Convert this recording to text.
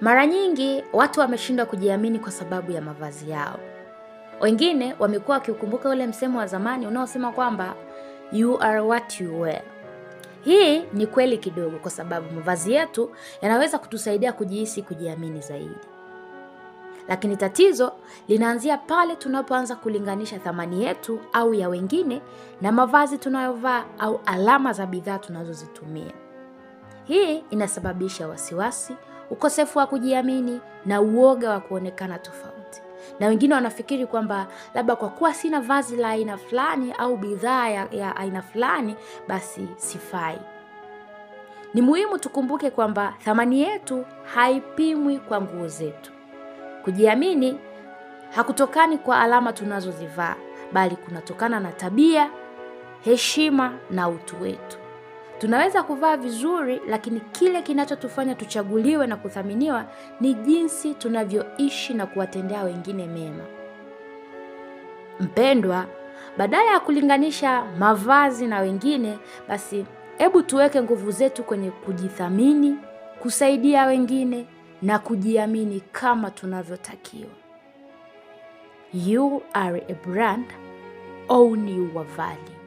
Mara nyingi watu wameshindwa kujiamini kwa sababu ya mavazi yao. Wengine wamekuwa wakiukumbuka ule msemo wa zamani unaosema kwamba you are what you wear. Hii ni kweli kidogo, kwa sababu mavazi yetu yanaweza kutusaidia kujihisi kujiamini zaidi, lakini tatizo linaanzia pale tunapoanza kulinganisha thamani yetu au ya wengine na mavazi tunayovaa au alama za bidhaa tunazozitumia. Hii inasababisha wasiwasi ukosefu wa kujiamini na uoga wa kuonekana tofauti. Na wengine wanafikiri kwamba labda kwa kuwa sina vazi la aina fulani au bidhaa ya, ya aina fulani basi sifai. Ni muhimu tukumbuke kwamba thamani yetu haipimwi kwa nguo zetu. Kujiamini hakutokani kwa alama tunazozivaa, bali kunatokana na tabia, heshima na utu wetu. Tunaweza kuvaa vizuri, lakini kile kinachotufanya tuchaguliwe na kuthaminiwa ni jinsi tunavyoishi na kuwatendea wengine mema. Mpendwa, badala ya kulinganisha mavazi na wengine, basi hebu tuweke nguvu zetu kwenye kujithamini, kusaidia wengine na kujiamini kama tunavyotakiwa. You are a brand, own your value.